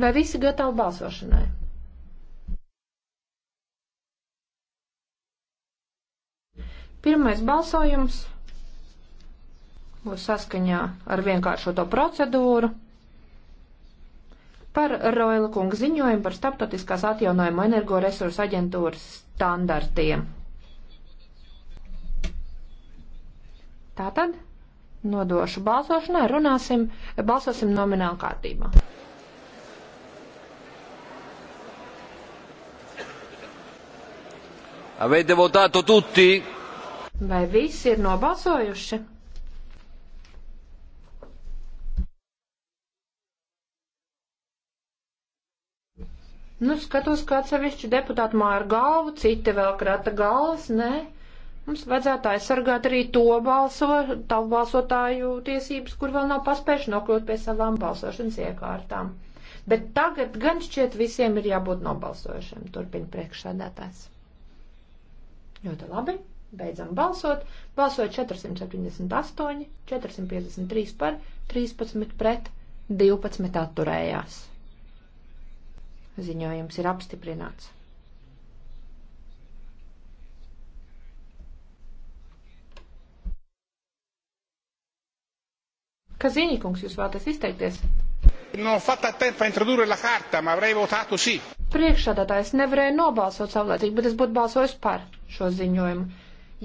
Vai visi gatavi balsošanai? Pirmais balsojums būs saskaņā ar vienkāršoto procedūru par Roila kunga ziņojumu par starptautiskās atjaunojuma energoresursu aģentūras standartiem. Tātad nodošu balsošanai, runāsim, balsosim nomināli kārtībā. Avete votato tutti? Vai visi ir nobalsojuši? Nu, skatos, kā atsevišķi deputāti māra galvu, citi vēl krata galvas, nē. Mums vajadzētu aizsargāt arī to balso, tavu balsotāju tiesības, kur vēl nav paspējuši nokļūt pie savām balsošanas iekārtām. Bet tagad gan šķiet visiem ir jābūt nobalsojušiem, turpina priekšsādātājs. Ļoti labi. Beidzam balsot. Balsot 478, 453 par, 13 pret, 12 atturējās. Ziņojums ir apstiprināts. Kazīņkungs, jūs vēlaties izteikties? No Priekšādātājs nevarēja nobalsot savlaicīgi, bet es būtu balsojis par šo ziņojumu.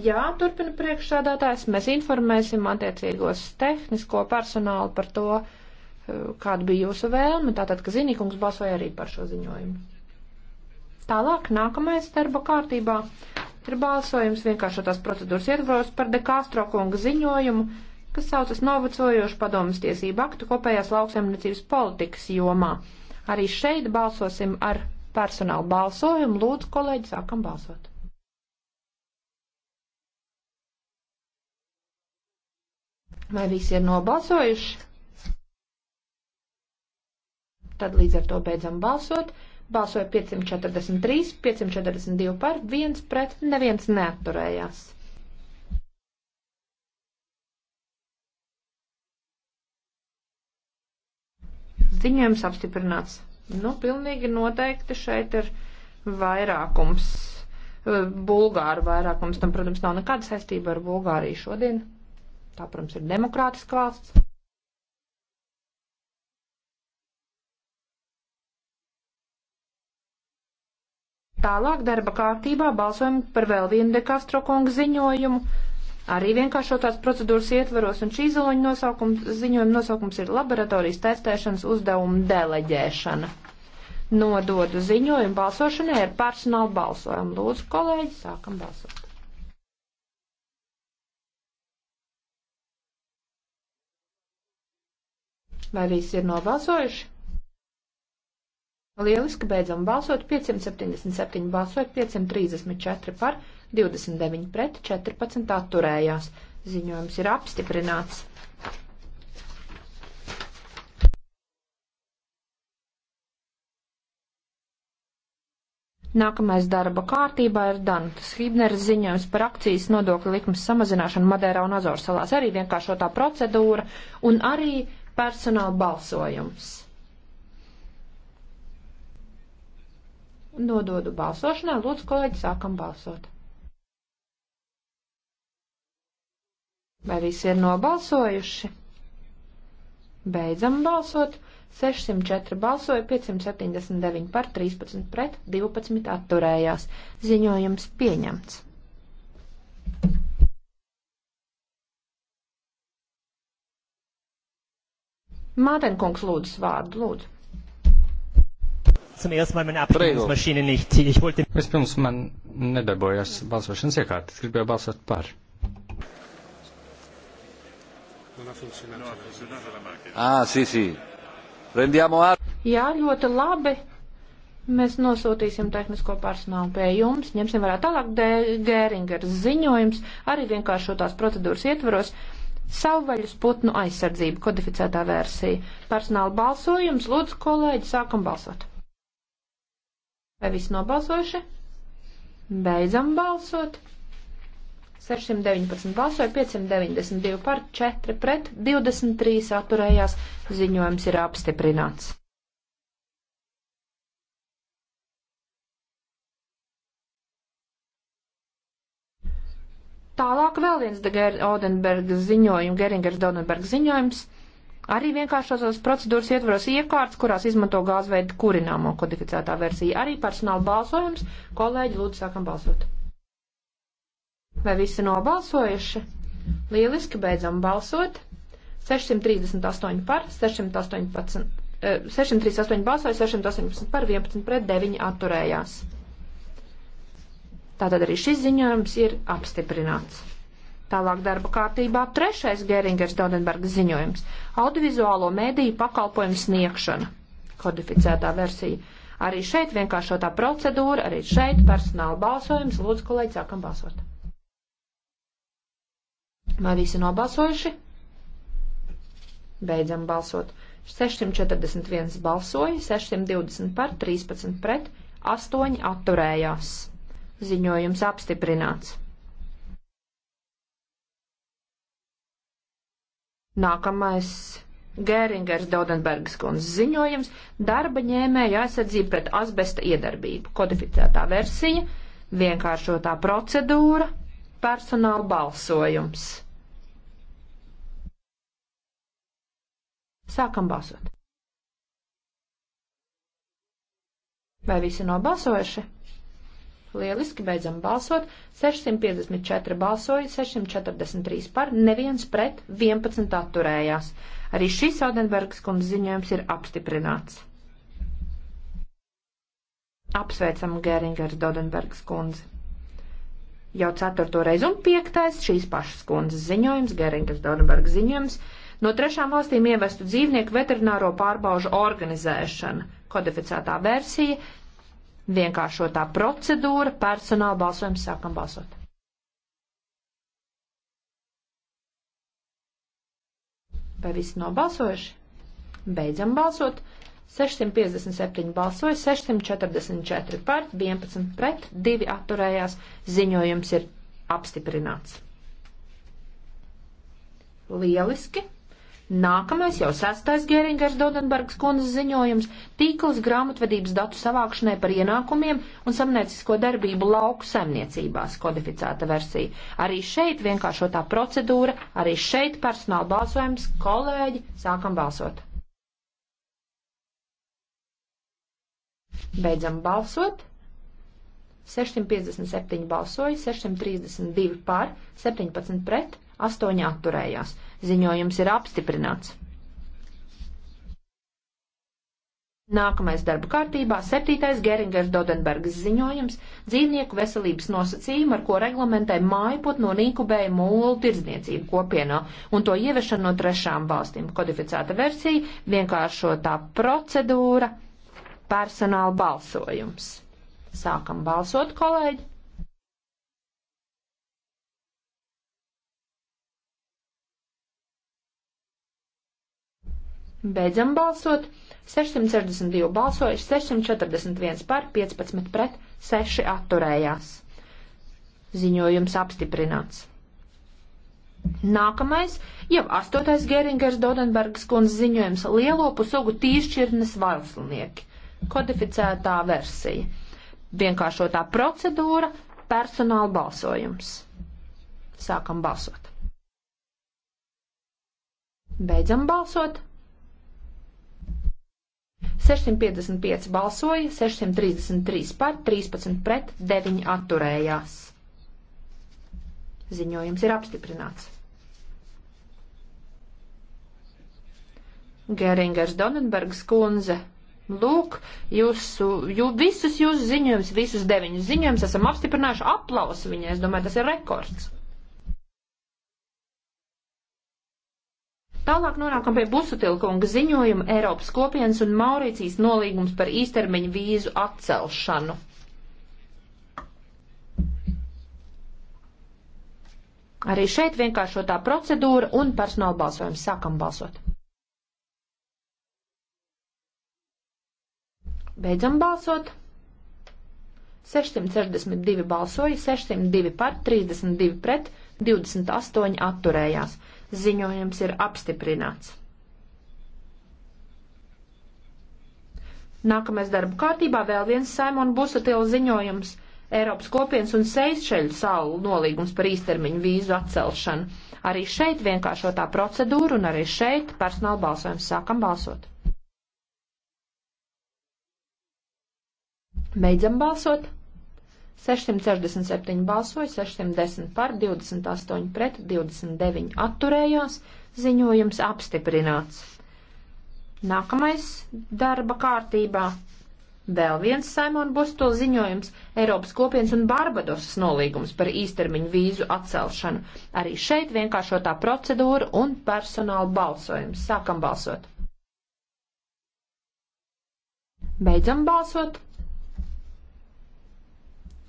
Jā, turpina priekšsādātājs, mēs informēsim attiecīgos tehnisko personālu par to, kāda bija jūsu vēlme, tātad, ka Zinīkungs balsoja arī par šo ziņojumu. Tālāk, nākamais darba kārtībā ir balsojums vienkāršotās procedūras ietvaros par De Castro kunga ziņojumu, kas saucas novecojošu padomas tiesību aktu kopējās lauksaimniecības politikas jomā. Arī šeit balsosim ar personālu balsojumu. Lūdzu, kolēģi, sākam balsot! Vai visi ir nobalsojuši? Tad līdz ar to beidzam balsot. Balsoja 543, 542 par, 1 pret, neviens neatturējās. Ziņojums apstiprināts. Nu, pilnīgi noteikti šeit ir vairākums, eh, bulgāru vairākums. Tam, protams, nav nekāda saistība ar Bulgāriju šodien. Tā, protams, ir demokrātiska valsts. Tālāk darba kārtībā balsojam par vēl vienu dekastro kungu ziņojumu. Arī vienkāršotās procedūras ietvaros un šī ziloņa nosaukums, ziņojuma nosaukums ir laboratorijas testēšanas uzdevuma deleģēšana. Nododu ziņojumu balsošanai ar personālu balsojumu. Lūdzu, kolēģi, sākam balsot. Vai visi ir nobalsojuši? Lieliski beidzam balsot 577 balsot 534 par 29 pret 14 atturējās. Ziņojums ir apstiprināts. Nākamais darba kārtībā ir Dantas Hibneres ziņojums par akcijas nodokļu likmes samazināšanu Madeirā un Azorsalās. Arī vienkāršotā procedūra un arī personāla balsojums. Nododu balsošanai, lūdzu, kolēģi, sākam balsot. Vai visi ir nobalsojuši? Beidzam balsot. 604 balsoja, 579 par, 13 pret, 12 atturējās. Ziņojums pieņemts. Mātenkungs lūdzu vārdu, lūdzu. Zum ersten Mal meine Abstimmungsmaschine nicht. Ich wollte. Vispirms man nedarbojās balsošanas iekārta. Es gribēju balsot par. Ah, sì, sì. Prendiamo atto. Jā, ļoti labi. Mēs nosūtīsim tehnisko personālu pie jums, ņemsim vērā tālāk Gēringers ziņojums, arī vienkāršotās procedūras ietvaros. Savvaļas putnu aizsardzība kodificētā versija. Personāla balsojums, lūdzu, kolēģi, sākam balsot. Vai visi nobalsojuši? Beidzam balsot. 619 balsoja, 592 par, 4 pret, 23 atturējās. Ziņojums ir apstiprināts. Tālāk vēl viens de Ger Odenberga ziņojums, Geringers Odenberga ziņojums. Arī vienkāršos procedūras ietvaros iekārts, kurās izmanto gāzveidu kurināmo kodificētā versija. Arī personāla balsojums. Kolēģi, lūdzu, sākam balsot. Vai visi nobalsojuši? Lieliski, beidzam balsot. 638 par, 618, 638 eh, balsoja, 618 par, 11 pret 9 atturējās. Tātad arī šis ziņojums ir apstiprināts. Tālāk darba kārtībā trešais Geringers Dodenberga ziņojums - audiovizuālo mēdīju pakalpojumu sniegšana, kodificētā versija. Arī šeit vienkāršotā procedūra, arī šeit personāla balsojums. Lūdzu, kolēģi, sākam balsot. Vai visi nobalsojuši? Beidzam balsot. 641 balsoja, 620 par, 13 pret, 8 atturējās. Ziņojums apstiprināts. Nākamais Gēringers Daudenbergas kundzes ziņojums - darba ņēmēja aizsardzība pret asbesta iedarbību. Kodificētā versija, vienkāršotā procedūra, personāla balsojums. Sākam balsot. Vai visi nobalsojuši? Lieliski, beidzam balsot. 654 balsoja, 643 par, neviens pret, 11 atturējās. Arī šis Odenbergs kundze ziņojums ir apstiprināts. Apsveicam Gēringers Dodenbergs kundzi. Jau ceturto reizi un piektais šīs pašas kundzes ziņojums, Gēringers Dodenbergs ziņojums, no trešām valstīm ievestu dzīvnieku veterināro pārbaužu organizēšana, kodificētā versija, vienkāršotā procedūra, personāla balsojums, sākam balsot. Vai visi nobalsojuši? Beidzam balsot. 657 balsoja, 644 par, 11 pret, 2 atturējās. Ziņojums ir apstiprināts. Lieliski! Nākamais jau sastais Geringers Dodenbergs kundzes ziņojums - tīkls grāmatvedības datu savākšanai par ienākumiem un samniecisko darbību lauku saimniecībās kodificēta versija. Arī šeit vienkāršotā procedūra, arī šeit personāla balsojums, kolēģi, sākam balsot. Beidzam balsot. 657 balsoja, 632 pār, 17 pret, astoņi atturējās. Ziņojums ir apstiprināts. Nākamais darba kārtībā - septītais Geringers Dodenbergas ziņojums - dzīvnieku veselības nosacījumi, ar ko reglamentē mājput no nīkubēja mūlu tirdzniecību kopienā un to ievešanu no trešām valstīm. Kodificēta versija - vienkāršotā procedūra - personāla balsojums. Sākam balsot, kolēģi! Beidzam balsot. 662 balsojuši, 641 par, 15 pret, 6 atturējās. Ziņojums apstiprināts. Nākamais jau astotais Geringers Dodenbergas kundzes ziņojums - lielopu sugu tīšķirnes vaislinieki. Kodificētā versija. Vienkāršotā procedūra - personāla balsojums. Sākam balsot. Beidzam balsot. 655 balsoja, 633 par, 13 pret, 9 atturējās. Ziņojums ir apstiprināts. Geringers Donenbergs kundze. Lūk, jūsu, jū, visus jūsu ziņojumus, visus deviņus ziņojumus esam apstiprinājuši aplausu viņai. Es domāju, tas ir rekords. Tālāk nonākam pie Busutilkunga ziņojuma Eiropas kopienas un Maurīcijas nolīgums par īstermiņu vīzu atcelšanu. Arī šeit vienkāršotā procedūra un personāla balsojums. Sākam balsot. Beidzam balsot. 662 balsoja, 602 par, 32 pret, 28 atturējās. Ziņojums ir apstiprināts. Nākamais darba kārtībā vēl viens Saimon Busatila ziņojums - Eiropas kopienas un Seišeļu salu nolīgums par īstermiņu vīzu atcelšanu. Arī šeit vienkāršotā procedūra un arī šeit personāla balsojums sākam balsot. Beidzam balsot. 667 balsoja, 610 par, 28 pret, 29 atturējās. Ziņojums apstiprināts. Nākamais darba kārtībā vēl viens Saimon Busto ziņojums - Eiropas kopienas un Barbadosas nolīgums par īstermiņu vīzu atcelšanu. Arī šeit vienkāršotā procedūra un personāla balsojums. Sākam balsot. Beidzam balsot.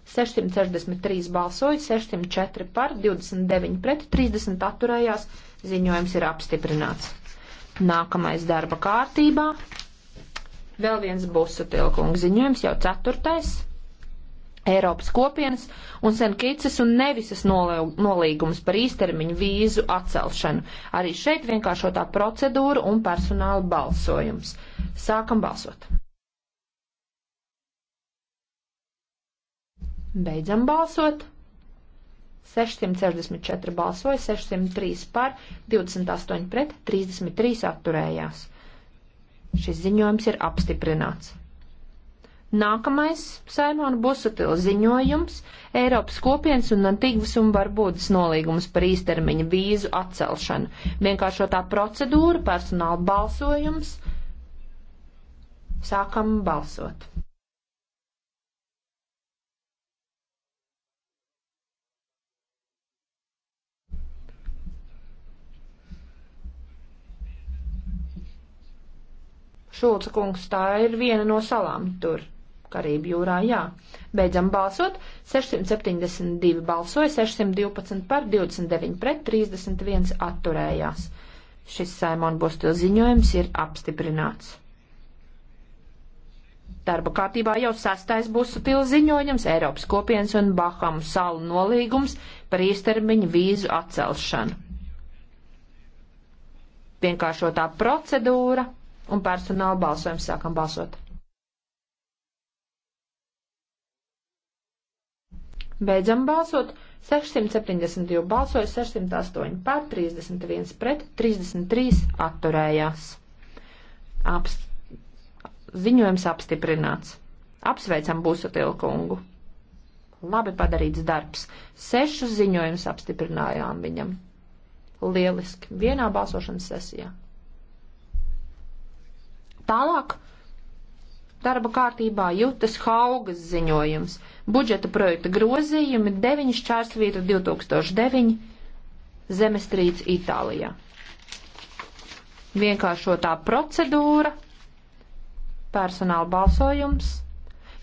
663 balsoja, 604 par, 29 pret, 30 atturējās. Ziņojums ir apstiprināts. Nākamais darba kārtībā. Vēl viens būs sutilkungs ziņojums, jau ceturtais. Eiropas kopienas un Senkīcas un nevisas nolīgums par īstermiņu vīzu atcelšanu. Arī šeit vienkāršotā procedūra un personāla balsojums. Sākam balsot! Beidzam balsot. 664 balsoja, 603 par, 28 pret, 33 atturējās. Šis ziņojums ir apstiprināts. Nākamais Saimona Busutila ziņojums - Eiropas kopienas un Antīgas un Barbūdas nolīgums par īstermiņa vīzu atcelšanu. Vienkāršotā procedūra, personāla balsojums. Sākam balsot. Šulca kungs, tā ir viena no salām tur. Karību jūrā, jā. Beidzam balsot. 672 balsoja, 612 par, 29 pret, 31 atturējās. Šis Saimon Bostila ziņojums ir apstiprināts. Darba kārtībā jau sastais būs sutila ziņojums Eiropas kopienas un Bahamu salu nolīgums par īstermiņu vīzu atcelšanu. Vienkāršotā procedūra un personāla balsojums sākam balsot. Beidzam balsot. 672 balsoja, 608 pār, 31 pret, 33 atturējās. Aps, ziņojums apstiprināts. Apsveicam Būsotilu kungu. Labi padarīts darbs. Sešus ziņojumus apstiprinājām viņam. Lieliski. Vienā balsošanas sesijā. Tālāk darba kārtībā Jutas Haugas ziņojums. Budžeta projekta grozījumi 9 šķērsvīta 2009 zemestrīce Itālijā. Vienkāršotā procedūra, personāla balsojums.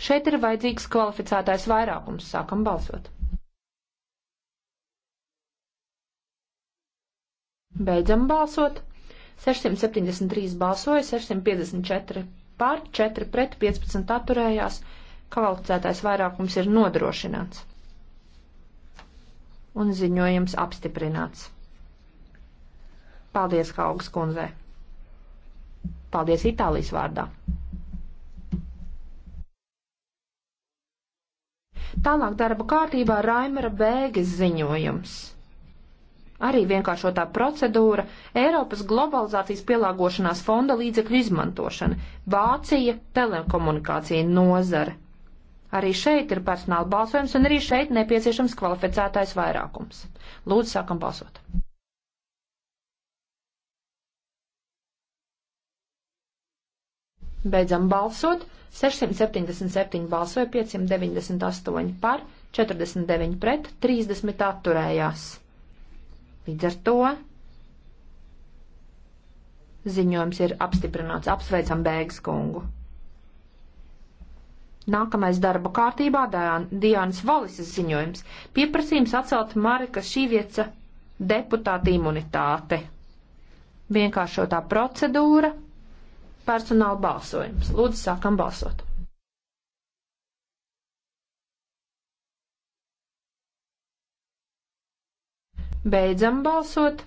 Šeit ir vajadzīgs kvalificētais vairākums. Sākam balsot. Beidzam balsot. 673 balsoja, 654 pār, 4 pret, 15 atturējās. Kvalificētais vairākums ir nodrošināts. Un ziņojums apstiprināts. Paldies, Haugas kundzē. Paldies Itālijas vārdā. Tālāk darba kārtībā Raimera Bēges ziņojums arī vienkāršotā procedūra, Eiropas globalizācijas pielāgošanās fonda līdzekļu izmantošana, Vācija telekomunikācija nozare. Arī šeit ir personāla balsojums, un arī šeit nepieciešams kvalificētais vairākums. Lūdzu, sākam balsot. Beidzam balsot. 677 balsoja, 598 par, 49 pret, 30 atturējās. Līdz ar to ziņojums ir apstiprināts. Apsveicam Bēgas kungu. Nākamais darba kārtībā Diānas Valises ziņojums - pieprasījums atcelt Marika Šīvieca deputāta imunitāte. Vienkāršotā procedūra - personāla balsojums. Lūdzu, sākam balsot! Beidzam balsot.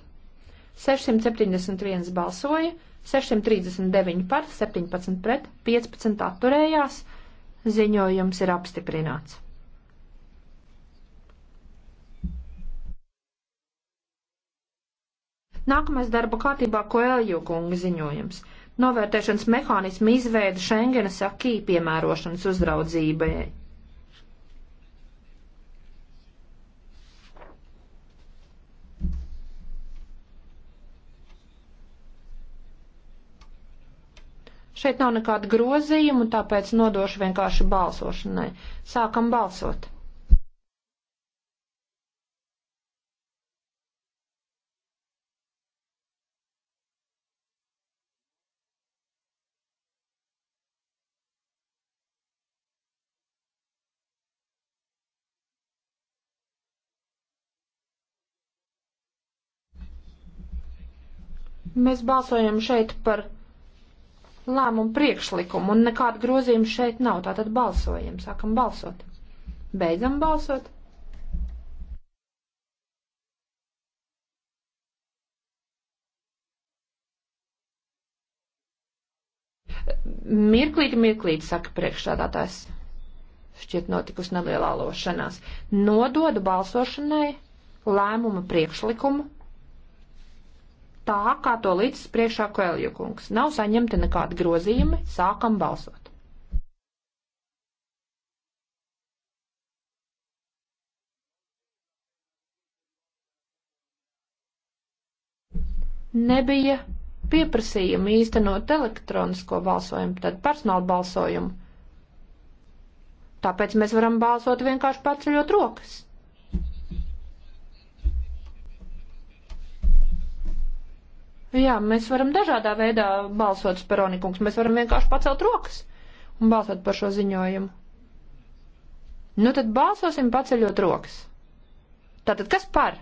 671 balsoja, 639 par, 17 pret, 15 atturējās. Ziņojums ir apstiprināts. Nākamais darba kārtībā Koelju kunga ziņojums. Novērtēšanas mehānismu izveida Schengenas akī piemērošanas uzraudzībai. Šeit nav nekāda grozījuma, tāpēc nodošu vienkārši balsošanai. Sākam balsot. Mēs balsojam šeit par lēmumu priekšlikumu, un nekāda grozījuma šeit nav. Tātad balsojam, sākam balsot. Beidzam balsot. Mirklīti, mirklīti, saka priekšstādātājs. Šķiet notikusi nelielā lošanās. Nododu balsošanai lēmuma priekšlikumu tā, kā to līdz priekšā Koelju kungs. Nav saņemti nekādi grozījumi, sākam balsot. Nebija pieprasījuma īstenot elektronisko balsojumu, tad personāla balsojumu. Tāpēc mēs varam balsot vienkārši paceļot rokas. Jā, mēs varam dažādā veidā balsot, Speronikungs. Mēs varam vienkārši pacelt rokas un balsot par šo ziņojumu. Nu tad balsosim paceļot rokas. Tātad kas par?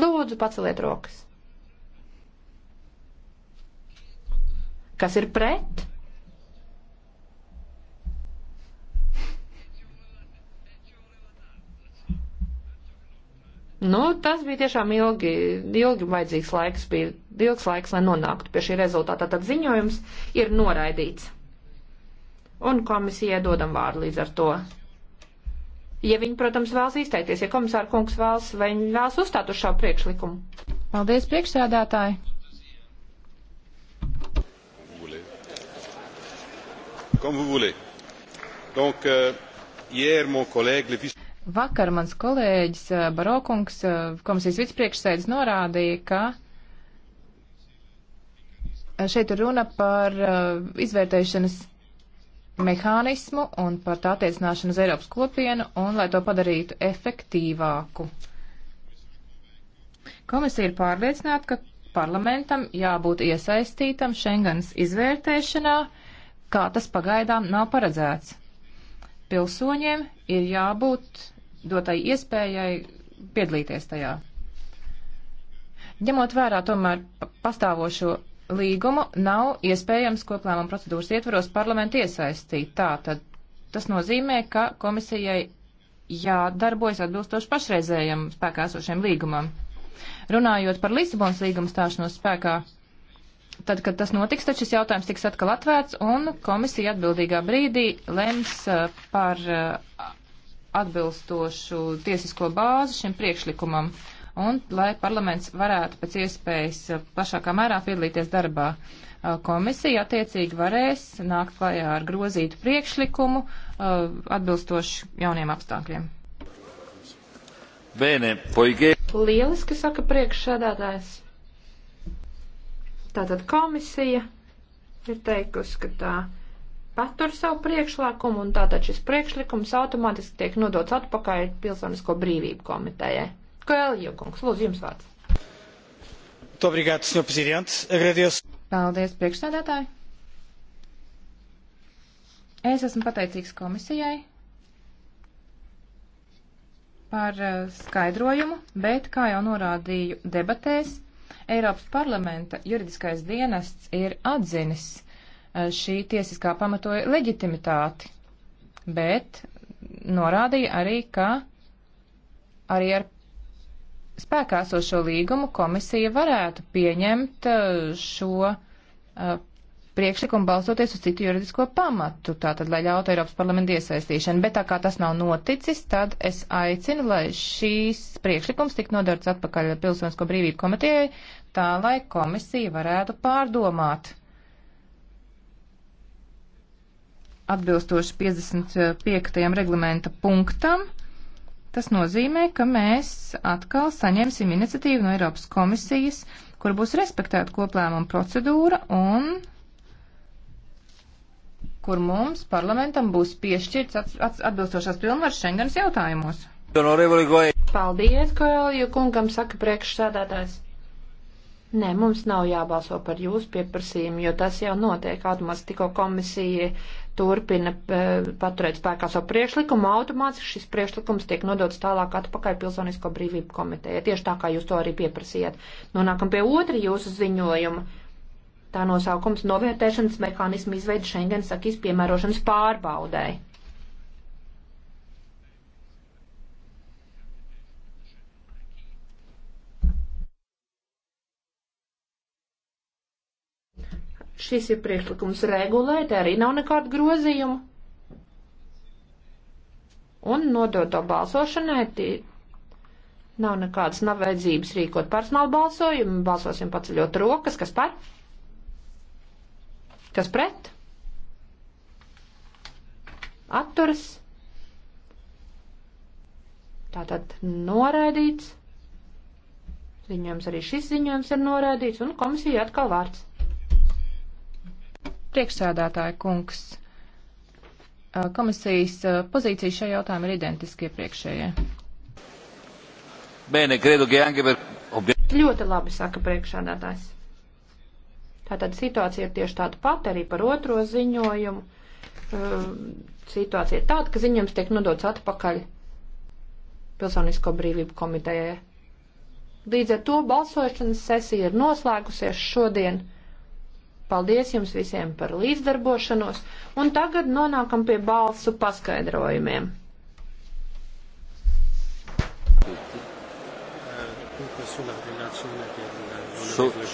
Lūdzu, paceliet rokas. Kas ir pret? Nu, tas bija tiešām ilgi, ilgi vajadzīgs laiks, bija ilgs laiks, lai nonāktu pie šī rezultāta. Tad ziņojums ir noraidīts. Un komisijai dodam vārdu līdz ar to. Ja viņi, protams, vēlas izteikties, ja komisāra kungs vēlas, vai viņi vēlas uzstāt uz šā priekšlikumu. Paldies, priekšsēdētāji. Comme vous voulez. Donc, euh, hier, mon collègue, le vice... Vakar mans kolēģis eh, Barokungs, eh, komisijas vicepriekšsēdis, norādīja, ka šeit ir runa par eh, izvērtēšanas mehānismu un par tā attiecināšanu uz Eiropas kopienu un lai to padarītu efektīvāku. Komisija ir pārliecināta, ka parlamentam jābūt iesaistītam Schengens izvērtēšanā, kā tas pagaidām nav paredzēts. Pilsoņiem ir jābūt dotai iespējai piedalīties tajā. Ņemot vērā tomēr pastāvošo līgumu, nav iespējams koplēmuma procedūras ietvaros parlamentu iesaistīt. Tā tad tas nozīmē, ka komisijai jādarbojas atbilstoši pašreizējam spēkā esošiem līgumam. Runājot par Lisabonas līgumu stāšanos spēkā, tad, kad tas notiks, tad šis jautājums tiks atkal atvērts un komisija atbildīgā brīdī lems eh, par eh, atbilstošu tiesisko bāzi šim priekšlikumam un lai parlaments varētu pēc iespējas uh, plašākā mērā piedalīties darbā. Uh, komisija attiecīgi varēs nākt klajā ar grozītu priekšlikumu uh, atbilstoši jauniem apstākļiem. Bēne, poigē. Lieliski saka priekšsēdētājs. Tātad komisija ir teikusi, ka tā patur savu priekšlikumu, un tātad šis priekšlikums automātiski tiek nodots atpakaļ Pilsonisko brīvību komitejai. Koelija kungs, lūdzu, jums vārds. Obrigado, senhor presidente. Agradeço. Paldies, priekšsēdētāji. Es esmu pateicīgs komisijai par eh, skaidrojumu, bet, kā jau norādīju debatēs, Eiropas parlamenta juridiskais dienests ir atzinis uh, Eh, šī tiesiskā pamatoja leģitimitāti, bet norādīja arī, ka arī ar spēkā esošo līgumu komisija varētu pieņemt eh, šo eh, priekšlikumu balsoties uz citu juridisko pamatu, tātad, lai ļautu Eiropas parlamentu iesaistīšanu. Bet tā kā tas nav noticis, tad es aicinu, lai šīs priekšlikums tik nodarts atpakaļ Pilsonisko brīvību komitejai, tā lai komisija varētu pārdomāt atbilstoši 55. reglamenta punktam. Tas nozīmē, ka mēs atkal saņemsim iniciatīvu no Eiropas komisijas, kur būs respektēta koplēmuma procedūra un kur mums parlamentam būs piešķirts atbilstošās pilnvaras Schengens jautājumos. Paldies, Koelju kungam, saka priekšsēdētājs. Nē, mums nav jābalso par jūsu pieprasījumu, jo tas jau notiek, atmaz tikko komisija turpina e, paturēt spēkā savu priekšlikumu, automātiski šis priekšlikums tiek nodots tālāk atpakaļ Pilsonisko brīvību komiteja. Tieši tā, kā jūs to arī pieprasījāt. Nonākam pie otra jūsu ziņojuma. Tā nosaukums novērtēšanas mehānismu izveida Schengen sakīs piemērošanas pārbaudēji. Šis ir priekšlikums regulēt, arī nav nekāda grozījuma. Un nodot to balsošanai, nav nekādas nav vajadzības rīkot personālu balsojumu. Balsosim paceļot rokas, kas par? Kas pret? Atturas. Tātad noraidīts. Ziņojums arī šis ziņojums ir noraidīts, un komisija atkal vārds. Priekšsēdētāja kungs, komisijas pozīcija šajā jautājumā ir identiski iepriekšējai. Bene, credo che anche per... Ļoti labi saka priekšsādātājs. Tātad situācija ir tieši tāda pati arī par otro ziņojumu. Situācija ir tāda, ka ziņojums tiek nodots atpakaļ Pilsonisko brīvību komitejai. Līdz ar to balsošanas sesija ir noslēgusies šodien. Paldies jums visiem par līdzdarbošanos, un tagad nonākam pie balsu paskaidrojumiem.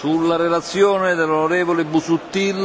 Sulla relazione dell'onorevole Busuttil